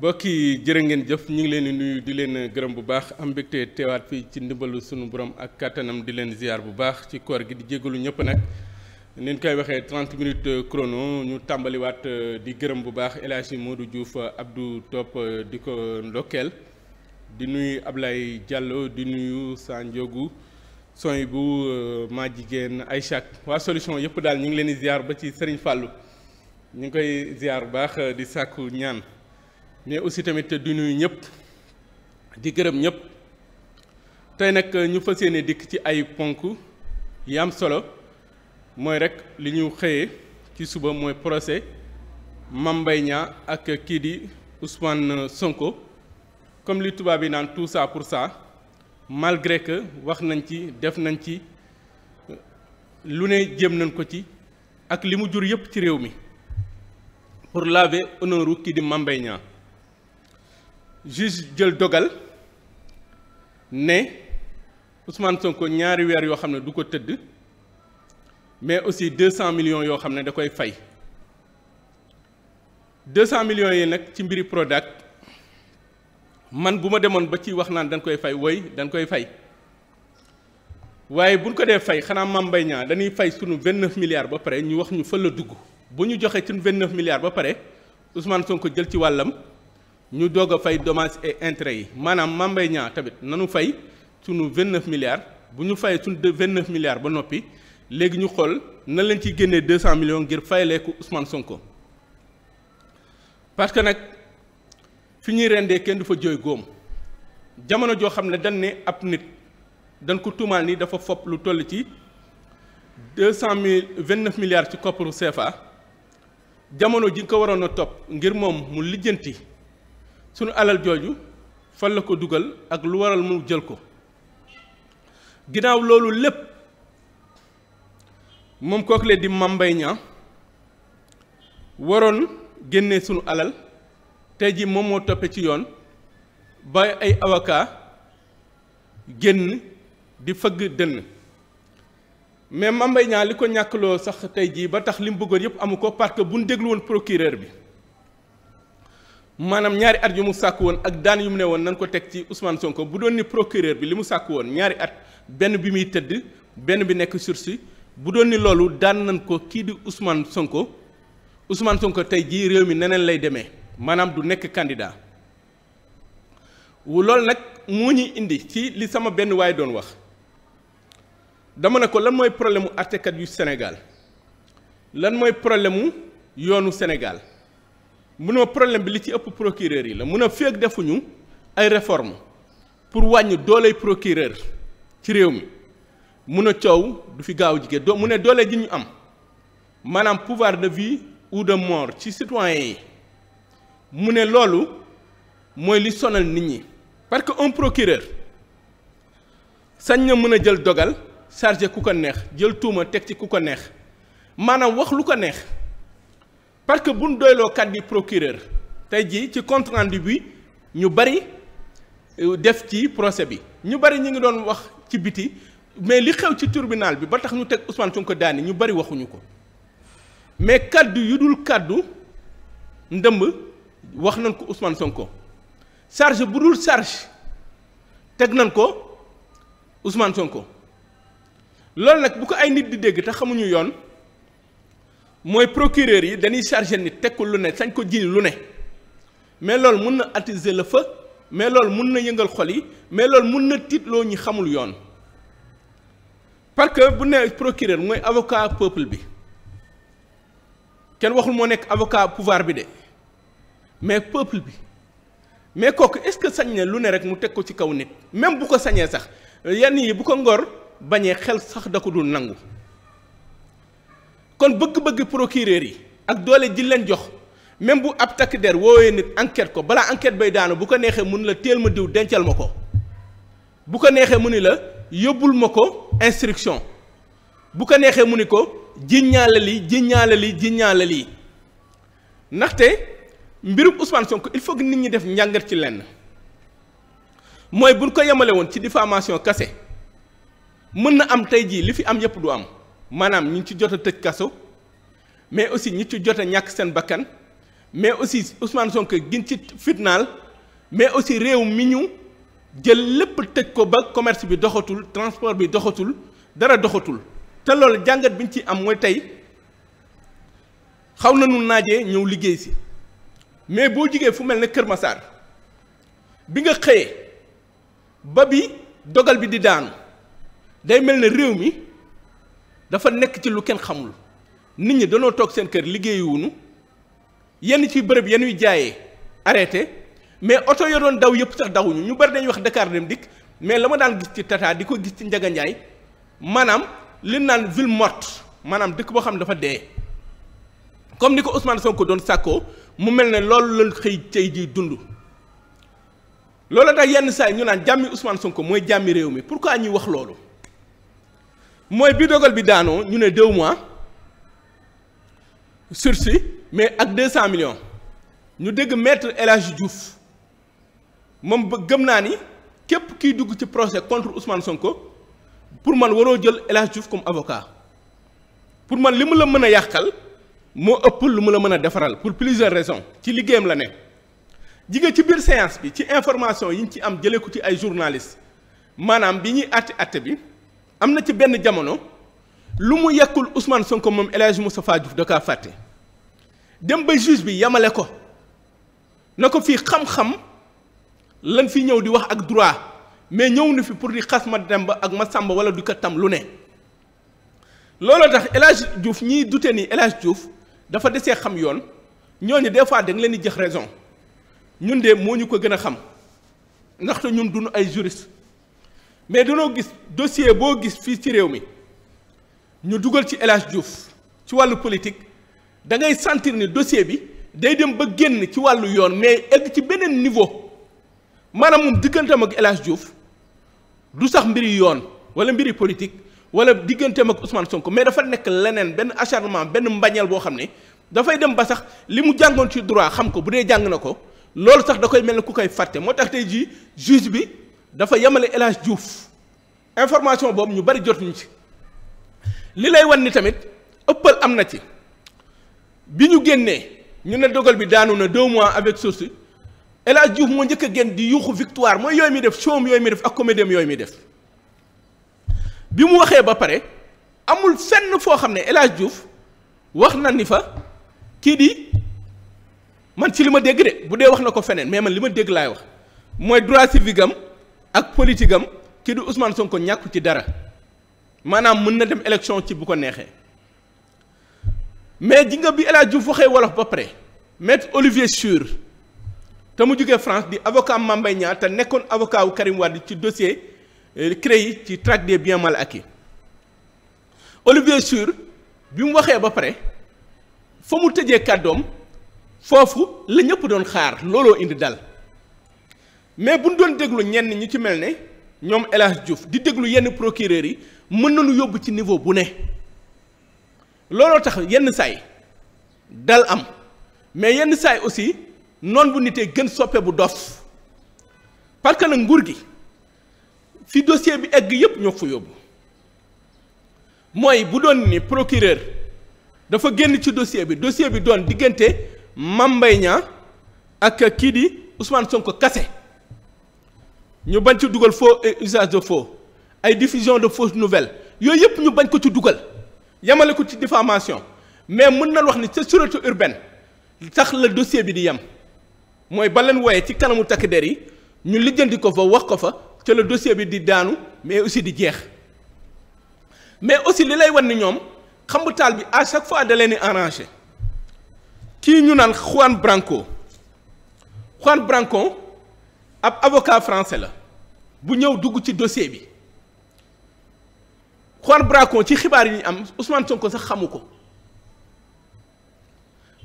mbokk yi jërë ngeen jëf ñu ngi leen di nuyu di leen gërëm bu baax am mbégte teewaat fii ci ndimbalu sunu borom ak kattanam di leen ziar bu baax ci koor gi di jégalu ñëpp nag. ni ñu koy waxee 30 minutes chrono ñu tàmbaliwaat euh, di gërëm bu baax El Hadji Modou Diouf euh, Abdou topp euh, di ko ndokkeel di nuyu Ablaye jàlloo di nuyu Sa Ndiogou sooy bu maa jigéen Aïchak waa solution yëpp daal ñu ngi leen di ziar ba ci Serigne fàllu ñu ngi koy ziar bu baax di sàkku ñaan. mais aussi tamit du nuyu ñëpp di gërëm ñëpp tey nag ñu fa yéene dikk ci ay ponk yi am solo mooy rek li ñu xëyee ci suba mooy procès Mame Mbaye ak kii di Ousmane Sonko comme li tubaab yi naan tout ça pour ça malgré que wax nañ ci def nañ ci lu ne jéem nañ ko ci ak li mu jur yëpp ci réew mi pour laver honneur u kii di Mame Mbaye juge jël dogal ne son ko ñaari weer yoo xam ne du ko tëdd mais aussi deux cent millions yoo xam ne da koy fay deux cent millions yi nag ci mbiri Prodac man bu ma demoon ba ci wax naan dañ koy fay woy dañ koy fay waaye buñ ko dee fay xanaa Mame Mbaye Niang dañuy fay sunu vingt neuf ba pare ñu wax ñu fa la dugg bu ñu joxee sunu vingt neuf milliards ba pare Ousmane Sonko jël ci wàllam ñu doog a fay dommages et intérêts yi maanaam Mame Mbaye Niang tamit nanu fay sunu 29 milliards bu ñu fay sunu 29 milliards ba noppi léegi ñu xool na leen ci génnee 200 millions ngir fayalee ko Ousmane Sonko parce que nag fi ñuy rendee kenn du fa jooy góom jamono joo xam ne dañ ne ab nit dañ ko tuumaal ni dafa fopp lu toll ci 200 mille 29 milliards ci kopparu CFA jamono ji ko waroon a topp ngir moom mu lijjanti. sunu alal jooju fan la ko dugal ak lu waral mu jël ko ginnaaw loolu lépp moom kooku di mambay ñaa waroon génne sunu alal tey ji moom moo toppe ci yoon ba ay avocat génn di fëgg dënn mais mambay ñaa li ko ñàkkloo sax tey jii ba tax li mu bëggoon yëpp amu ko parce que bu ñu déglu bi maanaam ñaari at yu mu sàkk woon ak daan yu mu ne woon nan ko teg ci usmaan Sonko bu doon ni procureur bi li mu sàkk woon ñaari at benn bi muy tëdd benn bi nekk sursis bu doon ni loolu daan nan ko kii di Ousmane Sonko Ousmane Sonko tey jii réew mi neneen lay demee maanaam du nekk candidat wu loolu nag moo ñuy indi ci li sama benn waay doon wax dama ne ko lan mooy problème mu àttekat yu Sénégal lan mooy problème mu yoonu Sénégal munoo problème bi li ci ëpp procureur yi la mun a feeg defuñu ay réforme pour wàññ dooley procureur ci réew mi mun a coow du fi gaaw jigéen doo mu ne doole ji ñu am maanaam pouvoir de vie ou de mort ci citoyen yi mu ne loolu mooy li sonal nit ñi parce que un procureur sañ na mën a jël dogal chargé ku ko neex jël tuuma teg ci ku ko neex maanaam wax lu ko neex parce que buñ doyloo kàddu procureur tey jii ci contrant bi ñu bari euh, def ci procès bi ñu bari ñu ngi doon wax ci biti mais li xew ci tribunal bi ba tax ñu teg Ousmane Sonko daani ñu bari waxuñu ko mais kàddu yu dul kàddu ndëmb wax nañ ko Ousmane Sonko charge bu dul charge teg nañ ko Ousmane Sonko loolu nag bu ko ay nit di dégg te xamuñu yoon. mooy procureur yi dañuy chargé ni tekkul lu ne sañ ko jiñ lu ne mais loolu mun na attiser la fa mais loolu mun na yëngal xol yi mais loolu mun na tiitloo ñi xamul yoon parce que bu ne procureur mooy avocat peuple bi kenn waxul moo nekk avocat pouvoir bi de mais peuple bi mais kooku est-ce que sañ ne lu ne rek mu teg ko ci kaw nit même bu ko sañee sax yenn yi bu ko ngor bañee xel sax da ko dul nangu kon bëgg-bëgg procureur yi ak doole ji leen jox même bu ab takk der woowee nit enquête ko balaa enquête bay daanu bu ko neexee mun la teel ma diw dencal ma ko bu ko neexee mu ni la yóbbul ma ko instruction bu ko neexee mu ni ko jiññaale lii jiññaale lii jiññaale lii ndaxte mbirum Ousmane Sonko il faut que nit ñi def njàngat ci lenn mooy buñ ko yemale woon ci diffamation kase mën na am tey jii li fi am yëpp du am maanaam ñu ngi ci jot a tëj kaso mais aussi ñi ci jot a ñàkk seen bakkan mais aussi Ousmane Sonko gin ci fitnaal mais aussi réew mi ñu jël lépp tëj ko ba commerce bi doxatul transport bi doxatul dara doxatul te loolu jàngat bi ñu ci am mooy tey xaw nañu naajee ñëw liggéey si mais boo jigee fu mel ne Kër Massar bi nga xëyee ba bi dogal bi di daanu day mel ne réew mi. dafa nekk ci lu kenn xamul nit ñi danoo toog seen kër liggéeyuwunu yenn ci bërëb yenn yu jaayee arrêté mais oto ya doon daw yëpp sax dawuñu ñu bari dañuy wax Dakar dem dikk mais la ma daan gis ci Tata di ko gis ci Njaga Njaay maanaam li naan ville morte maanaam dëkk boo xam ne dafa dee comme ni ko Ousmane ko doon sàkkoo mu mel ne loolu la xëy tey ji dund loolu tax yenn saa yi ñu naan jàmmi Ousmane Sonko mooy jàmmi réew mi pour pourquoi ñuy wax loolu mooy bi dogal bi daanoo ñu ne deux mois sursis mais ak deux cent millions ñu dégg maître El Hadji moom ba gëm naa ni képp kiy dugg ci procès contre Ousmane Sonko pour man waroo jël El Hadji Diouf comme avocat pour man li mu la mën a yàqal moo ëpp lu mu la mën a defaral pour plusieurs raisons ci liggéeyam la ne jigéen ci biir séance bi ci information yi ñu ci am jëlee ko ci ay journalistes maanaam bi ñuy àtte àtte bi. am na ci benn jamono lu mu yekkul Ousmane Sonko moom El Hadj Moustapha Diouf da kaa fàtte dem ba juge bi yamale ko na ko fii xam-xam lan fi ñëw di wax ak droit mais ñëw na fi pour di xas ma demb ak ma sàmba wala du ko tam lu ne looloo tax El Hadj Diouf ñiy dute ni El Hadj dafa desee xam yoon ñooñu des fois da nga leen di jëx raison ñun de moo ñu ko gën a xam ndaxte ñun duñu ay juriste mais danoo gis dossier boo gis fii ci réew mi ñu dugal ci El Hadj ci wàllu politique da ngay sentir ni dossier bi day dem ba génn ci wàllu yoon mais egg ci beneen niveau maanaam moom digganteem ak El Hadj du sax mbiri yoon wala mbiri politique wala digganteem ak Ousmane Sonko mais dafa nekk leneen benn acharnement benn mbañeel boo xam ne dafay dem ba sax li mu jàngoon ci droit xam ko bu dee jàng na ko loolu sax da koy mel ne ku koy fàtte moo tax tey jii juge bi. dafa yemale El Hadj information boobu ñu bari jotuñu ci li lay wan ni tamit ëppal am na ci bi ñu génnee ñu ne dogal bi daanu na deux mois avec source El Hadj moo njëkk a génn di yuuxu victoire mooy yooyu muy def showam yooyu muy def ak comédiem yooyu muy def bi mu waxee ba pare amul fenn foo xam ne El Hadj wax na ni fa kii di man ci li ma dégg de bu dee wax na ko feneen mais man li ma dégg laay wax mooy droit civique am ak politique am kii di Ousmane Sonko ñàkku ci dara maanaam mën na dem élection ci bu ko neexee mais ji nga bi El Hadj Diouf waxee wolof ba pare maître Olivier Sur te mu jógee France di avocat Mame Mbaye Niang te nekkoon avocat wu Karim Wade ci dossier euh, CREI ci traque des biens mal acquis Olivier Sur bi mu waxee ba pare fa mu tëjee kàddoom foofu la ñëpp doon xaar looloo indi dal mais bu ñu doon déglu ñenn ñi ci mel ne ñoom El Hadj di déglu yenn procureur yi mën nañu yóbbu ci niveau bu ne looloo tax yenn saay dal am mais yenn saay aussi noon bu nitee gën soppe bu dof parce que nag nguur gi fi dossier bi egg yépp ñoo ko fa yóbbu mooy bu doon ni procureur dafa génn ci dossier bi dossier bi doon diggante Mame Mbaye Niang ak kii di Ousmane Sonko kase ñu bañ ci dugal faux et de faux ay diffusion de fausses nouvelles yooyu yëpp ñu bañ ko ci dugal yemale ko ci diffamation mais mën nañ wax ni ca sûreté urbaine sax la dossier bi di yem mooy ba leen wooyee ci kanamu takk der yi ñu lijjanti ko fa wax ko fa ca la dossier bi di daanu mais aussi di jeex mais aussi li lay wan ni ñoom xambu taal bi à chaque fois da leen di arrangé kii ñu naan Juan Branco Juan Branco. ab avocat français la bu ñëw dugg ci dossier bi Juan Bracon ci xibaar yi ñu am Ousmane Sonko sax xamu ko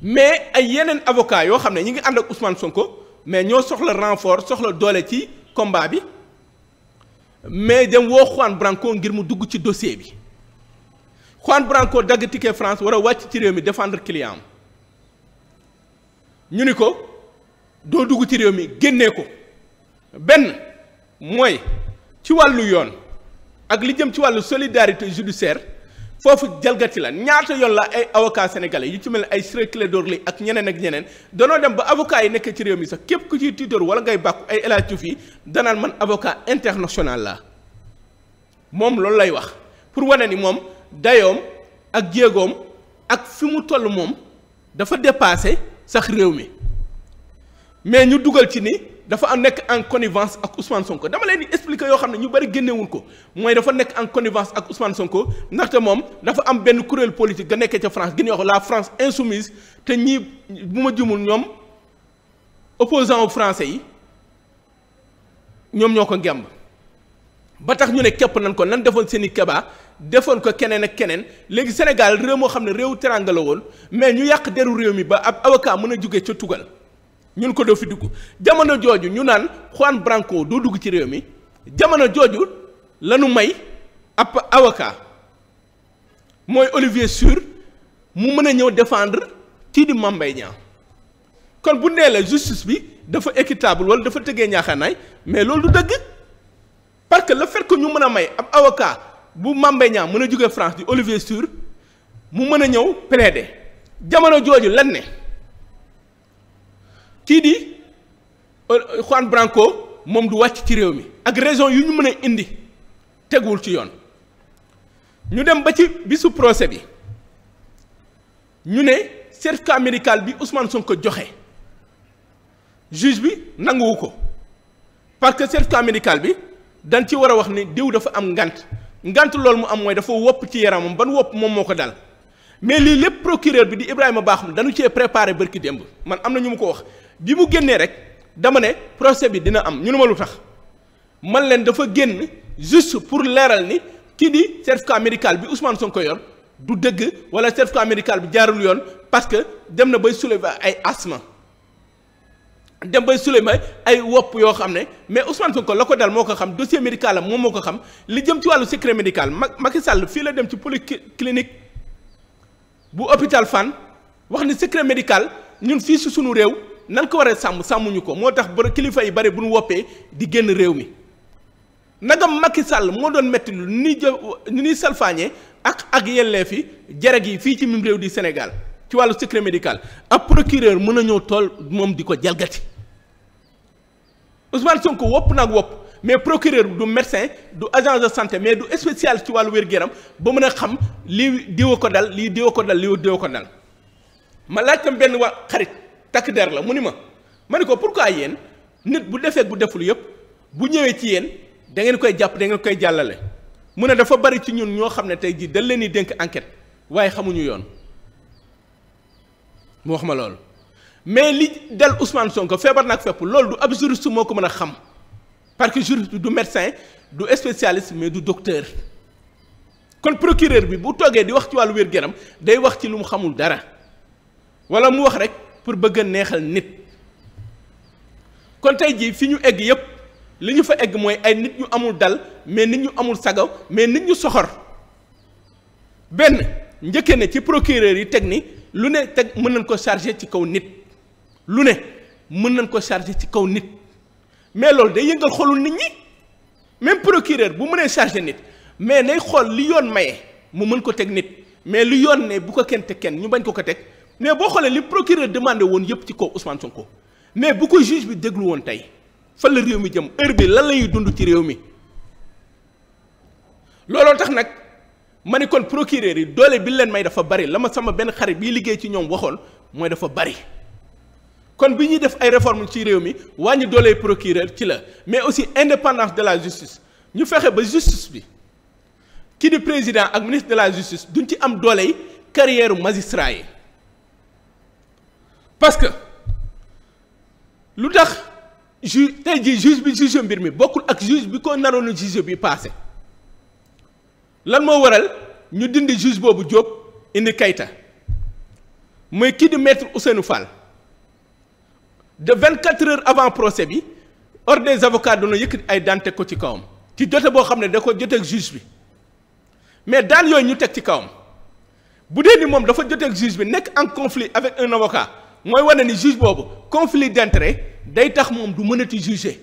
mais ay yeneen avocat yoo xam ne ñu ngi ànd ak Ousmane Sonko mais ñoo soxla renfort soxla doole ci combat bi mais dem woo Juan Branco ngir mu dugg ci dossier bi Juan Branco dagg ticket France war wàcc ci réew mi defendre client am ñu ni ko doo dugg ci réew mi génnee ko benn mooy ci wàllu yoon ak li jëm ci wàllu solidarité judiciaire foofu jalgati la ñaata yoon la ay avocat sénégalais yu ci mel ni ay Ciré Clédor Ly ak ñeneen ak ñeneen danoo dem ba avocat yi nekk ci réew mi sax képp ku ciy tiitoor wala ngay bàkku ay El fi Diouf danaan man avocat international la moom loolu lay wax pour wane ni moom dayoom ak jéegoom ak fi mu toll moom dafa dépassé sax réew mi mais ñu dugal ci ni dafa am nekk en connivence ak Ousmane Sonko dama leen di expliquer yoo xam ne ñu bëri génnewuñ ko mooy dafa nekk en connivence ak Ousmane Sonko ndaxte moom dafa am benn kuréel politique ga nekkee ca France gi ñuy wax la France insoumise te ñii bu ma jumul ñoom opposant wu yi ñoom ñoo ko ngemb ba tax ñu ne képp nañ ko nan defoon seen i kebaa defoon ko keneen ak keneen léegi Sénégal réew moo xam ne réew teranga mais ñu yàq deru réew mi ba ab avocat mën a jóge ca tugal ñun ko doo fi dugg jamono jooju ñu naan Juan Branco doo dugg ci réew mi jamono jooju lañu may ab avocat mooy Olivier Sur mu mën a ñëw défendre kii di Mame Mbaye kon bu nee la justice bi dafa équitable wala dafa tëggee ñaaxanaay mais loolu dëgg parce que le fait ñu mën a may ab avocat bu Mame Mbaye mën a jóge France di Olivier Sur mu mën a ñëw plaider jamono jooju lan ne kii di euh, Juan Branco moom du wàcc ci réew mi ak raison yu ñu mën a indi teguwul ci yoon ñu dem ba ci bisu procès bi ñu ne certificat médical bi son ko joxe juge bi nanguwu ko parce que certificat médical bi dañ ci war a wax ni diw dafa am ngant ngant loolu mu am mooy dafa wopp ci yaramam ban wopp moom moo ko dal mais lii lépp procureur bi di Ibrahima Bakhoum dañu cee préparé bërki démb man am na ñu mu ko wax bi mu génnee rek dama ne procès bi dina am ñu ne ma lu tax man leen dafa génn juste pour leeral ni kii di certificat médical bi son Sonko yor du dëgg wala certificat médical bi jaarul yoon parce que dem na bay soulever ay asthme dem bay soulever ay wopp yoo xam ne mais Ousmane ko la ko dal moo ko xam dossier médical am moom moo ko xam li jëm ci wàllu secret médical Macky Sall fii la dem ci polyclinique bu hôpital Fann wax ni secret médical ñun fii si sunu réew. nan ko war sàmm sàmmuñu ko moo tax ba kilifa yi bari bu nu woppee di génn réew mi nagam Macky sàll moo doon metti lu ni jë salfaañee ak ak yelleef yi jareg yi fii ci mim réew di Sénégal ci wàllu secret médical ab procureur mën a ñëw tool moom di ko jalgati Ousmane Sonko wopp nag wopp mais procureur du médecin du agence de santé mais du spécial ci wàllu wér-gu-yaram ba mën a xam lii diwa ko dal lii diwa ko dal lii ko dal ma laaj tam benn wa xarit. takk der la mu ni ma ma ni ko pourquoi yéen nit bu defee bu deful yëpp bu ñëwee ci yéen dangeen koy jàpp da ngeen koy jàllale mu ne dafa bari ci ñun ñoo xam ne tey jii dal leen di dénk enquête waaye xamuñu yoon mu wax ma loolu mais li dal Ousmane sonk feebar nag fepp loolu du ab juriste moo ko mën a xam parce que du médecin du spécialiste mais du docteur kon procureur bi bu toogee di wax ci wàllu wér gu day wax ci lu xamul dara wala mu wax rek. pour bëgg neexal nit kon tey jii fi ñu egg yépp li ñu fa egg mooy ay nit ñu amul dal mais nit ñu amul sago mais nit ñu soxor benn njëkkee ne ci procureur yi teg ni lu ne teg mën nañ ko chargé ci kaw nit lu ne mën nañ ko chargé ci kaw nit mais loolu day yëngal xolul nit ñi même procureur bu mënee chargé nit mais day xool li yoon maye mu mën ko teg nit mais lu yoon ne bu ko kenn teg kenn ñu bañ ko ko teg mais boo xoolee li procureur demandé woon yëpp ci kaw Ousmane ko mais bu ko juge bi déglu woon tey fan la réew mi jëm heure bi lan lañuy dund ci réew mi looloo tax nag ma ni kon procureur yi doole bi leen may dafa bari la ma sama benn xare biy liggéey ci ñoom waxoon mooy dafa bari kon bi ñuy def ay réformes ci réew mi wàññi doole procureur ci la mais aussi indépendance de la justice ñu fexe ba justice bi kii di président ak ministre de la justice duñ ci am doole yi carrière parce que lu tax ju tey jii juge bi juge mbir mi bokkul ak juge bi ko naroon a bi passé lan moo waral ñu dindi juge boobu Diop indi Keita mooy kii di maître Ousseynou Fall de vingt quatre heures avant procès bi ordre des avocats doona yëkkati ay daan teg ko ci kawam ci jote boo xam ne da ko joteeg juge bi mais daan yooyu ñu teg ci kawam bu dee ni moom dafa joteeg juge bi nekk en conflit avec un avocat mooy wane ni juge boobu conflit d'intérêt day tax moom du mënati juger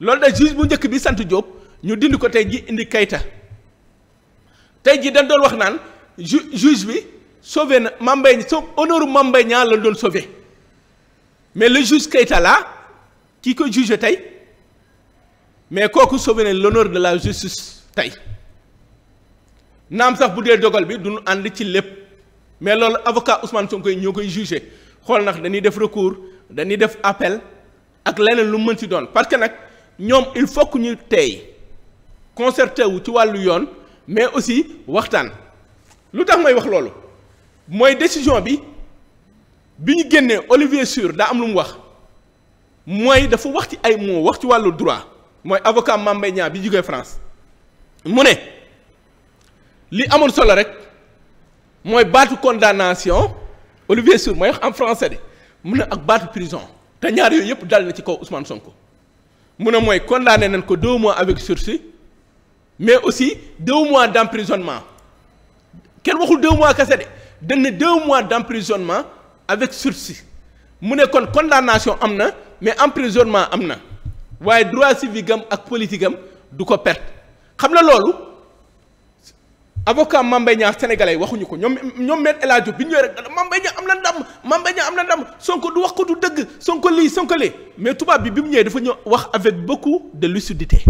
loolu da juge bu njëkk bi sant Diop ñu dindi ko tey ji indi kayta tey ji dañ doon wax naan ju juge bi sauvé na Mame Mbaye so honneur Mame Mbaye Niang doon sauvé mais le juge Keita là ki ko juge tey mais kooku sauvé na de la justice tey naam sax bu dee dogal bi duñu ànd ci lépp mais loolu avocat Ousmane Sonko yi ñoo koy jugé xool nag dañuy def recours dañuy def appel ak leneen lu mën ci doon parce que nag ñoom il faut que ñu tey concerté wu ci wàllu yoon mais aussi waxtaan lu tax may wax loolu mooy décision bi bi ñu génnee Olivier Sur daa am lu mu wax mooy dafa wax ci ay mots wax ci wàllu droit mooy avocat Mame bi jógee France mu ne li amoon solo rek mooy baatu condamnation Olivier Sour mooy wax en français de mu ne ak baatu prison te ñaar yooyu yëpp dal na ci kaw Ousmane Sonko mu ne mooy condamné nañ ko deux mois avec sursis mais aussi deux mois d'emprisonnement kenn waxul deux mois kese de dañ ne deux mois d'emprisonnement avec sursis mu ne kon condamnation am na mais emprisonnement am na waaye droit civique am ak politique am du ko perte xam na loolu. avocat Mame Mbaye Niang sénégalais waxuñu ko ñoom ñoom Me bi ñu ñëwee rek Mame Mbaye am na ndam Mame Mbaye am na ndam Sonko du wax ko du dëgg Sonko lii Sonko lee mais tubaab bi bi mu ñëwee dafa ñëw wax avec beaucoup de lucidité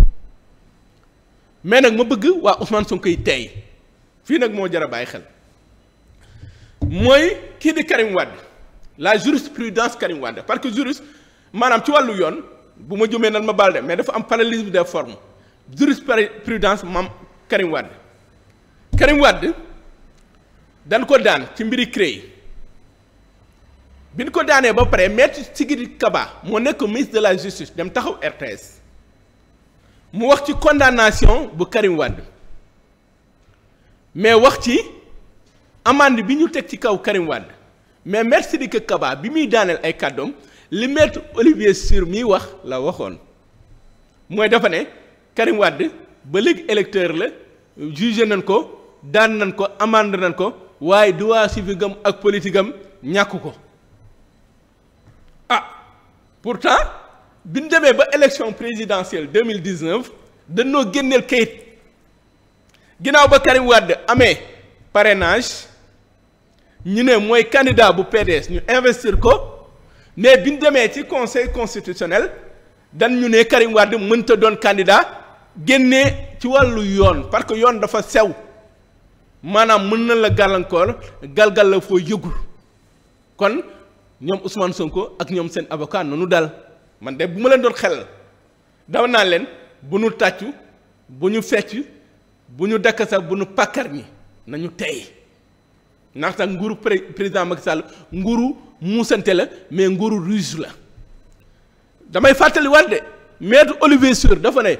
mais nag ma bëgg waa Ousmane Sonko yi tey fii nag moo jar a bàyyi xel mooy kii di Karim Wade la jurisprudence Karim Wade parce que juriste maanaam ci wàllu yoon bu ma jumee nan ma baal mais dafa am parallélisme des formes jurisprudence maam Karim Wade. Karim Wade dañ ko daan ci mbiri CREI bi ñu ko daanee ba pare maître Sidiki kabaa moo nekk ministre de la justice dem taxaw RTS mu wax ci condamnation bu Karim mais wax ci amande bi ñu teg ci kaw Karim Wade mais maître Sidiki Kaba bi muy daaneel ay kàddoom li maître Olivier Sur miy wax la waxoon mooy dafa ne Karim ba léegi électeur la jugé nañ ko. daan nañ ko amande nañ ko waaye duwaa civique am ak politique am ñàkk ko ah pourtant bi ñu demee ba élection présidentielle deux mille dix-neuf dañoo génneel kayit ginnaaw ba Karim amee parenage ñu ne mooy candidat bu PDS ñu investir ko mais bi ñu demee ci conseil constitutionnel dan ñu ne Karim mënta doon candidat génnee ci wàllu yoon parce que yoon dafa sew. maanaam mën na la gàllankoor galgal la foo yëgul kon ñoom Ousmane Sonko ak ñoom seen avocat nanu daal man de bu ma leen doon xel daw naa leen bu nu tàccu bu ñu fecc bu ñu dakkasa bu nu pakkar ñi nañu tey ndax tax nguuru président Macky Sall nguuru muusante la mais nguuru ruse la damay fàttali war de maître Olivier Sur dafa ne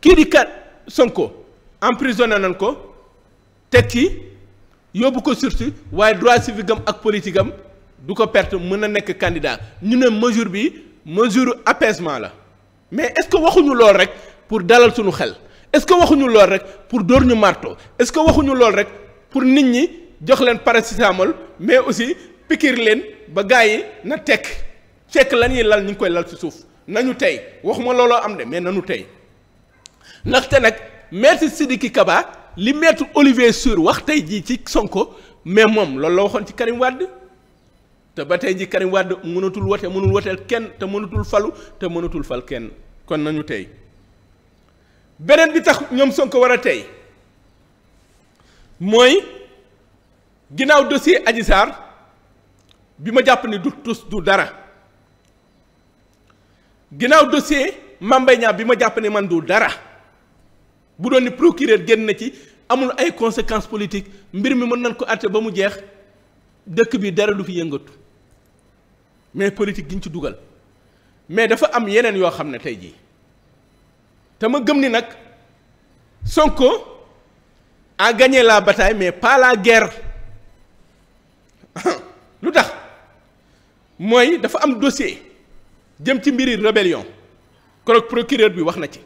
kii di kat Sonko emprisonné nañ ko teg ci yóbbu ko surtout waaye droit civique am ak politique am du ko perte mën na nekk candidat ñu ne mesure bi mesure apaisement la mais est-ce que waxuñu lool rek pour dalal suñu xel est-ce que waxuñu lool rek pour dóor ñu marto est-ce que waxuñu lool rek pour nit ñi jox leen paracétamol mais aussi pikiir leen ba gars yi na tekk cekk la ñuy lal ñu ngi koy lal ci suuf nañu tey waxuma looloo am de mais nañu tey ndaxte nag maître Sidiki Kaba li maître Olivier Sur wax tey jii ci Sonko mais moom lool la waxoon ci Karim wàdd te ba tey jii Karim wàdd mënatul wote mënul woteel kenn te mënatul falu te mënatul fal kenn kon nañu tey beneen bi tax ñoom Sonko war a tey mooy ginnaaw dossier Adji bi ma jàpp ni du tus du dara ginnaaw dossier Mame bi ma jàpp ni man du dara bu doon ni procureur génn na ci amul ay conséquences politique mbir mi mën nañ ko àtte ba mu jeex dëkk bi dara du fi yëngatu mais politique gi ñu ci dugal mais dafa am yeneen yoo xam ne tey jii te ma gëm ni nag Sonko a gagné la bataille mais pas la guerre lu tax mooy dafa am dossier jëm ci mbiri rébellion keroog procureur bi wax na ci.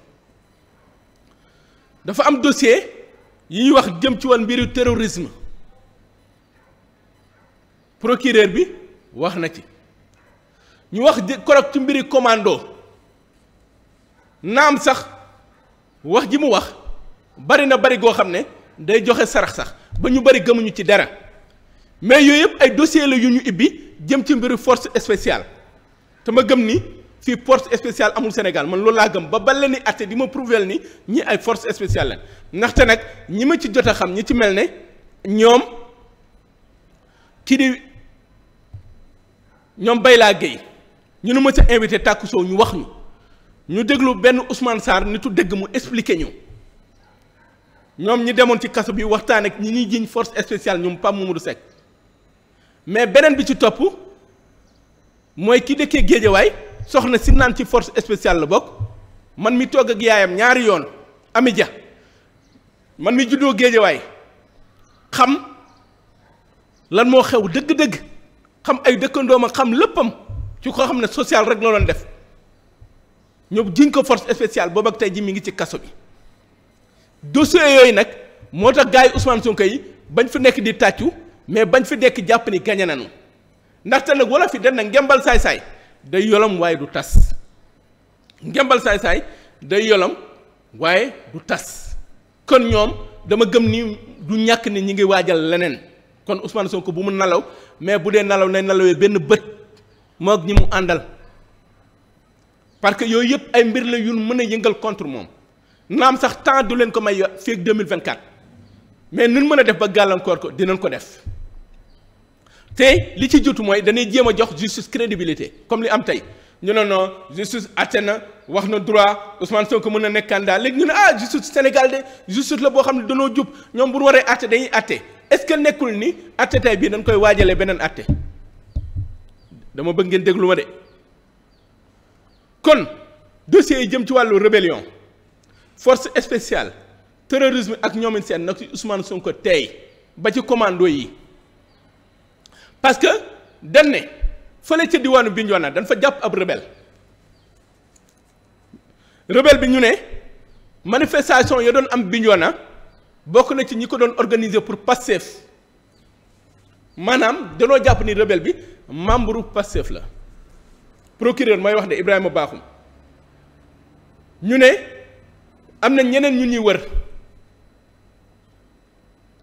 dafa am dossier yi ñuy wax jëm ci woon mbiru terrorisme procureur bi wax na ci ñu wax korog ci mbiri commando naam sax wax ji mu wax bari na bari goo xam ne day joxe sarax sax ba ñu bari gëmuñu ci dara mais yooyu yëpp ay dossier la yu ñu ibbi jëm ci mbiru force spéciale te ma gëm ni fii force spéciale amul Sénégal man loolu laa gëm ba bal ni atte di ma prouvel ni ñi ay force spéciale lañ ndaxte nag ñi ma ci jot a xam ñi ci mel ne ñoom kii di ñoom laa Gueye ñu nu ma ci invité tàkku soo ñu wax ñu ñu déglu benn Ousmane Sarr nitu dégg mu expliqué ñu ñoom ñi demoon ci kaso bi waxtaan ak ñi ñuy jiñ force spéciale ñoom pam mu Pape Mamadou Seck mais beneen bi ci topp mooy ki dëkkee Géejawaay soxna si naan ci force spéciale la bokk man mi toog ak yaayam ñaari yoon ami ja man mi juddoo géejawaay xam lan moo xew dëgg-dëgg xam ay dëkkandoom ak xam léppam ci ko xam ne social rek la doon def ñoom jiñ ko force spéciale boobu ak tey ji mi ngi ci kaso bi dossier yooyu nag moo tax gars yi Ousmane yi bañ fi nekk di tàccu mais bañ fi dekk jàpp ni gañe nañu ndaxte nag wala fi den na ngembal saay-saay day yolom waaye du tas ngembal saay-saay day yolom waaye du tas kon ñoom dama gëm ni du ñàkk ni ñi ngi waajal leneen kon Ousmane Sonko bu mu nalaw mais bu dee nelaw ne nalawee benn bët moog ñi mu àndal parce que yooyu yëpp ay mbir la yu mën a yëngal contre moom am sax temps du leen ko may yo fii ak 2024 mais nun mën a def ba gàllankoor ko dinañ ko def te li ci jotu mooy danay jéem a jox justice crédibilité comme li am tey ñu ne non justice àtte na wax na droit Ousmane ko mën na nekk candidat léegi ñu ne ah justice Sénégal de justice la boo xam ne danoo jub ñoom bu ñu waree àtte dañuy àtte est-ce que nekkul ni ate tey bii dañ koy waajalee beneen àtte dama bëgg ngeen déglu ma de kon dossiers yi jëm ci wàllu rébellion force spéciale terrorisme ak ñoomin seen nag Ousmane ko tey ba ci commando yi. parce que dañ ne fële ca diwaanu Bignona dañ fa jàpp ab rebelle rebelle bi ñu ne manifestation ya doon am Bignona bokk na ci ñi ko doon organiser pour Pastef maanaam danoo jàpp ni rebelle bi membre Pastef la procureur mooy wax de Ibrahima Bakhoum ñu ne am na ñeneen ñu ñuy wër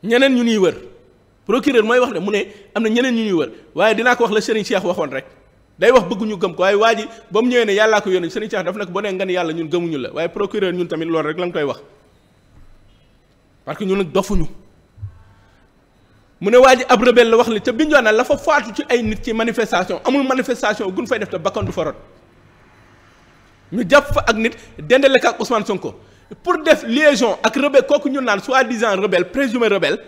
ñeneen ñu ñuy wër. procureur mooy wax ne mu ne am na ñeneen ñu ñuy wër waaye dinaa ko wax la Serigne Cheikh waxoon rek day wax bëgguñu gëm ko waaye waa ji ba mu ñëwee ne yàllaa ko yónni Serigne Cheikh daf nag boo nee nga ne yàlla ñun gëmuñu la waaye procureur ñun tamit loolu rek la nga koy wax parce que ñun nag dofuñu mu ne waa ji ab rebelle la wax li te Bignona la fa faatu ci ay nit ci manifestation amul manifestation gun fay def te bakkan du fa rot ñu jàpp fa ak nit dendale ak Ousmane pour def liaison ak rebelle kooku ñu naan soi-disant rebelle présumé rebelle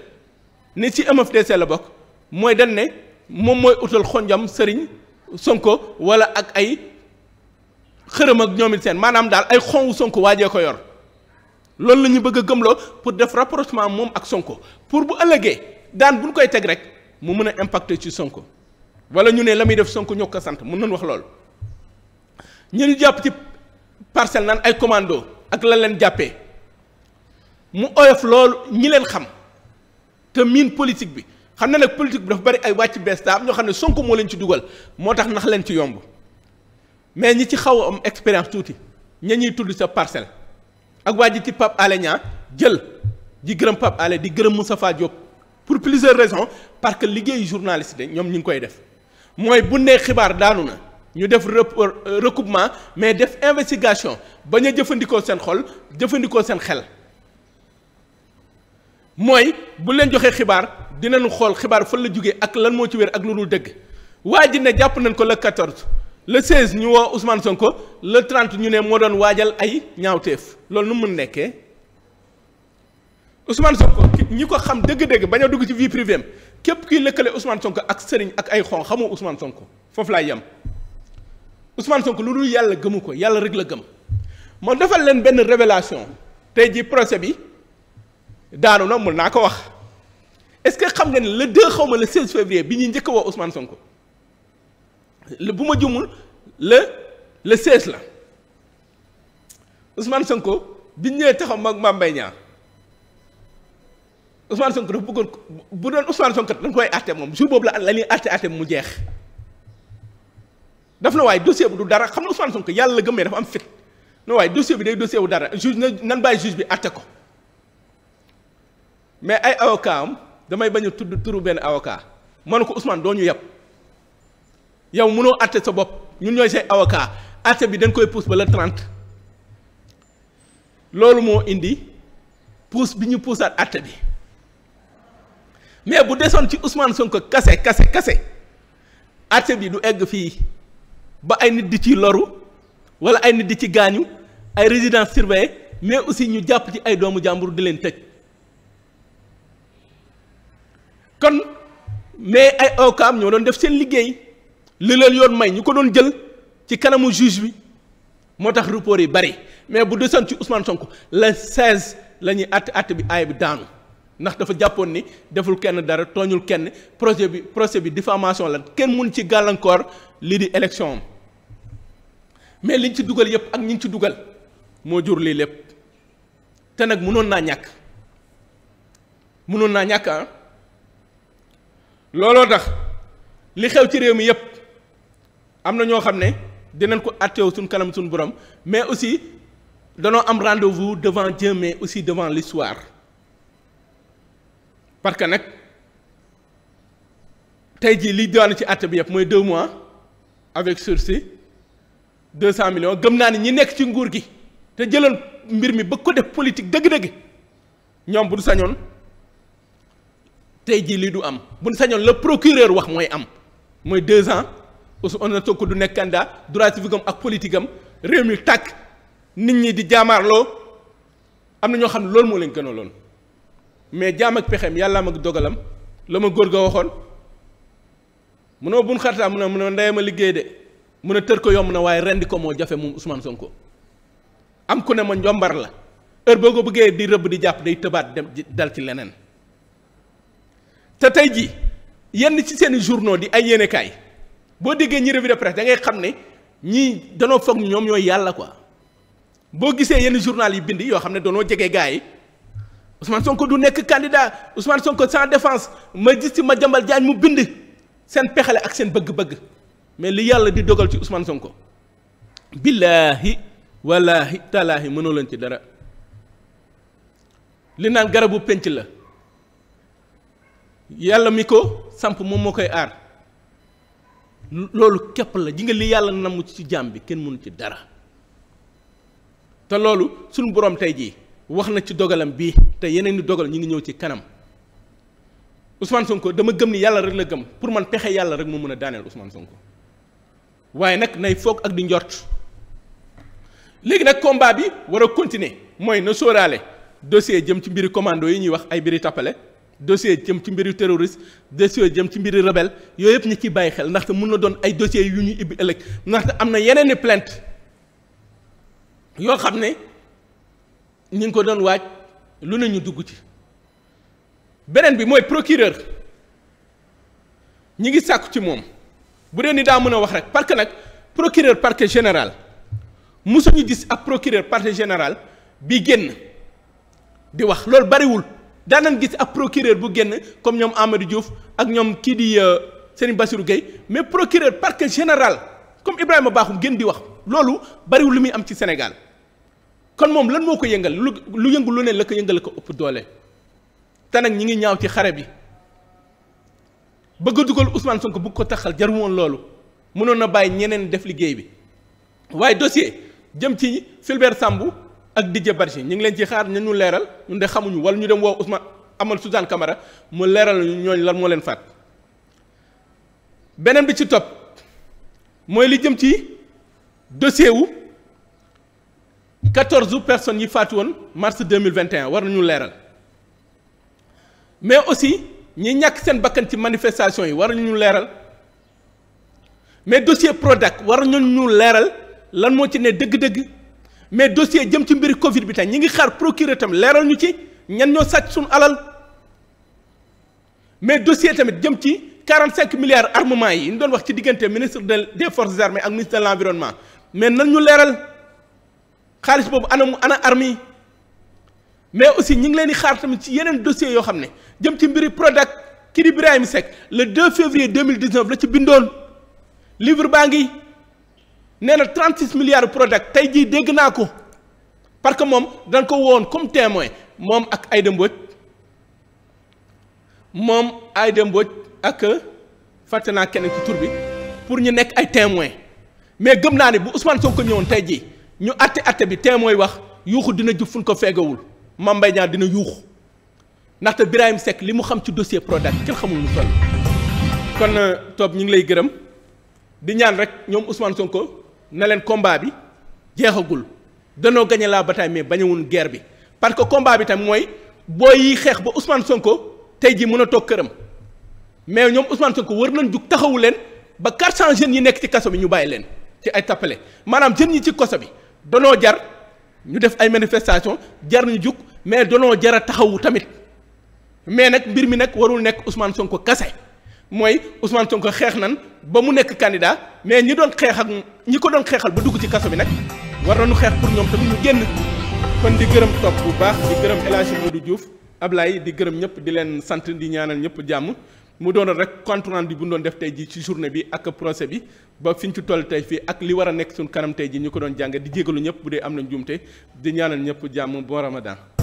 ne ci MFDC la bokk mooy den ne moom mooy utal xonjam sëriñ Sonko wala ak ay xërëm ak ñoom seen maanaam daal ay xonwu Sonko waajee ko yor loolu la ñu bëgg a gëmloo pour def rapprochement moom ak Sonko pour bu ëllëgee daan buñ koy teg rek mu mën a impacter ci Sonko wala ñu ne la muy def Sonko ñoo ko sant mën nañu wax loolu ñu ñu jàpp ci parcelle naan ay commando ak la leen jàppee mu oyof loolu ñi leen xam te miin politique bi xam na nag politique bi dafa bari ay wàcc bees am ñoo xam ne Sonko moo leen ci dugal moo tax nax leen ci yomb mais ñi ci xaw am expérience tuuti ña ñuy tudd sa parcelle ak waa ji ci Pape Alé Niang jël ji gërëm Pape Alé di gërëm Moustapha Diop pour plusieurs raisons parce que liggéeyu journaliste de ñoom ñu ngi koy def mooy bu nee xibaar daanu na ñu def euh, recoupement mais def investigation bañ a jëfandikoo seen xol jëfandikoo seen xel. mooy bu leen joxee xibaar dinañu xool xibaar fan la jógee ak lan moo ci wér ak lu dul dégg waa ji ne jàpp nañ ko la 14 le 16 ñu woo usman Sonko le 30 ñu ne moo doon waajal ay ñaawteef loolu nu mu mën nekkee Ousmane Sonko ñi ko xam dëgg dégg bañ a dugg ci vie privée képp kuy lëkkale Ousmane Sonko ak sëriñ ak ay xon xamoo Ousmane Sonko foofu laay yem Ousmane Sonko lu dul yàlla gëmu ko yàlla rek la gëm moo defal leen benn révélation tey ji procès bi. daanu na mun naa ko wax est-ce que xam nga ni le 2 xaw ma la 16 février bi ñuy njëkk a woo Ousmane Sonko bu ma jumul le le 16 la Ousmane Sonko bi ñu ñëwee taxaw mag Mame Mbaye Niang Ousmane Sonko dafa bëggoon bu doon Ousmane Sonko dañ koy àtte moom jour boobu la la ñuy àtte àtte mu jeex daf na waaye dossier bu du dara xam na Ousmane Sonko yàlla la gëm dafa am fit na waaye dossier bi day dossier bu dara juge nan bàyyi juge bi àtte ko. mais ay avocat damay bañ a tudd turu benn avocat ma ne ko Ousmane doo ñu yeb yow mënoo àtte sa bopp ñun ñooy say avocat àtte bi dañ koy pousse ba la 30 loolu moo indi pousse bi ñu poussaat àtte bi mais bu desoon ci Ousmane ko kase kase kase àtte bi du egg fii ba ay nit di ci loru wala ay nit di ci gaañu ay résidence surveillée mais aussi ñu jàpp ci ay doomu jàmbur di leen tëj. kon mais ay okaam ñoo doon def seen liggéey li leen yoon may ñu ko doon jël ci kanamu juge bi moo tax rapport yi bari mais bu desoon ci Ousmane Sonko la 16 la ñuy àtt àtt bi aay bi daanu ndax dafa jàppoon ni deful kenn dara tooñul kenn projet bi procès bi diffamation la kenn mun ci gàllankoor lii di élection am mais liñ ci dugal yépp ak ñu ñi ci dugal moo jur lii lépp te nag mënoon naa ñàkk mënoon naa ñàkk ah. looloo tax li xew ci réew mi yépp am na ñoo xam ne dinañ ko atteew suñ kanam suñ borom mais aussi danoo am rendez-vous devant Dieu mais aussi devant l'histoire parce que nag tey jii li daanu ci àtte bi yépp mooy deux mois avec sursis deux cent million gëm naa ni ñi nekk ci nguur gi te jëlal mbir mi bëgg ko def politique dëgg-dëgg ñoom bu du sañoon tey jii lii du am bu buñ sañoon le procureur wax mooy am mooy deux ans Ousmane Sonko du nekk candidat droit civique ak politique am réew mi tàkk nit ñi di jaamaarloo am na ñoo xam ne loolu moo leen gënaloon mais jaam ak pexeem yàllaam ak dogalam la ma góor ga waxoon munoo bun xartaa mu a mun a ndeyam a liggéey de mun a tër ko yomb na waaye rendi ko moo jafe moom Ousmane Sonko am ku ne ma njombar la heure boo ko bëggee di rëbb di jàpp day tëbaat dem dal ci leneen. te tey jii yenn ci seen i journaux di ay yéenekaay boo déggee ñi revue de presse da ngay xam ne ñii danoo foog ñoom ñooy yàlla ko boo gisee yenn journal yi bind yoo xam ne danoo jege gars yi Ousmane Sonko du nekk candidat Ousmane Sonko sans défense ma gis ci Madiambal Diagne mu bind seen pexale ak seen bëgg-bëgg mais li yàlla di dogal ci Ousmane Sonko billaahi walaahi talaahi mënoo leen ci dara li naan garabu penc la. yàlla mi ko samp moom moo koy aar loolu képp la ji nga li yàlla namm ci jaam bi kenn mënu ci dara te loolu suñu boroom tey jii wax na ci dogalam bii te yeneen i dogal ñu ngi ñëw ci kanam Ousmane Sonko dama gëm ni yàlla rek la gëm pour man pexe yàlla rek moo mën a daaneel Ousmane Sonko waaye nag nay foog ak di njort léegi nag combat bi war a continuer mooy na sóoraale dossier jëm ci mbiri commando yi ñuy wax ay mbiri tappale dossier jëm ci mbiru terroriste dossier jëm ci mbiri rebelle yooyu yëpp ñu ciy bàyyi xel ndaxte mun na doon ay dossiers yu ñu ibbi ëllëg ndaxte am na yeneen i plainte yoo xam ne ñu ngi ko doon waaj lu ne ñu dugg ci beneen bi mooy procureur ñi ngi sàkku ci moom bu dee ni daa mën a wax rek parce que nag procureur parquet général mosuñu gis ab procureur parquet général bi génn di wax loolu bariwul daanan gis ab procureur bu génn comme ñoom amari Diouf ak ñoom kii di euh, Serigne Bassirou Gueye mais procureur parquet général comme Ibrahima Bakhoum gën di wax loolu bariwul lu muy am ci Sénégal kon moom lan moo ko yëngal lu lu yëngu lu ne la ko yëngal ko ëpp doole te nag ñi ngi ñaaw ci xare bi bëgg a dugal Ousmane Sonko bugg ko taxal jaru woon loolu mënoon na bàyyi ñeneen def liggéey bi waaye dossier jëm ci Fulbert Sambou ak Didier Badji ñu ngi leen ci xaar ñu leeral ñun de xamuñu wala ñu dem woo Ousmane Amal Suzanne Camara mu leeral ñooñu lan moo leen faat beneen bi ci topp mooy li jëm ci dossier wu quatorze personnes yi faatu woon mars deux mille vingt et war nañu leeral mais aussi ñi ñàkk seen bakkan ci manifestation yi war nañu leeral mais dossier Prodac war nañu leeral lan moo ci ne dëgg-dëgg. mais dossier jëm ci mbiri Covid bi tey ñi ngi xaar procureur tamit leeral ñu ci ñan ñoo sàcc suñu alal mais dossier tamit jëm ci 45 milliards armement yi ñu doon wax ci diggante ministre des forces armées ak ministre de l'environnement mais nan ñu leeral xaalis boobu ana mu ana armes mais aussi ñi ngi leen di xaar tamit ci yeneen dossiers yoo xam ne jëm ci mbiri Prodac kii di Ibrahima Seck le 2 février 2019 la ci bindoon livre baa ngi. nee na 36 milliards Prodac tey jii dégg naa ko parce que moom dañ ko woon comme témoin moom ak Aïda Mbodj moom Aïda Mbodj ak fàtte naa keneen ci tur bi pour ñu nekk ay témoin mais gëm naa ne bu Ousmane Sonko ñëwoon tey jii ñu àtte àtte bi témoin wax yuuxu dina jub fu ko fegawul Mame Mbaye dina yuuxu ndaxte Birahim Seck li mu xam ci dossier Prodac kenn xamul mu toll kon euh, Toob ñu ngi lay gërëm di ñaan rek ñoom Ousmane Sonko. na leen combat bi jeexagul danoo gagné la bataille mais bañawun geer bi parce que combat bi tam mooy booy yi xeex ba Ousmane Sonko tey jii mën a toog këram mais ñoom Ousmane Sonko war nañ jug taxawu leen ba 400 jeunes yi nekk ci kaso bi ñu bàyyi leen ci ay tappale maanaam jeunes yi ci kaso bi danoo jar ñu def ay manifestation jar ñu jug mais danoo jar a taxawu tamit mais nag mbir mi nag warul nekk Ousmane Sonko kase mooy usman Sonko xeex nan ba mu nekk candidat mais ñi doon xeex ñi ko doon xeexal ba dugg ci kaso bi nag war nañu xeex pour ñoom tamit ñu génn kon di gërëm topp bu baax di gërëm El Hadj Modou Diouf Ablaye di gërëm ñëpp di leen sant di ñaanal ñëpp jàmm mu doon rek contrant rendu bu ñu doon def tey jii ci journée bi ak procès bi ba fi ñu ci toll tey fii ak li war a nekk suñu kanam tey jii ñu ko doon jàng di jégalu ñëpp bu dee am na njuumte di ñaanal ñëpp jàmm bon Ramadan.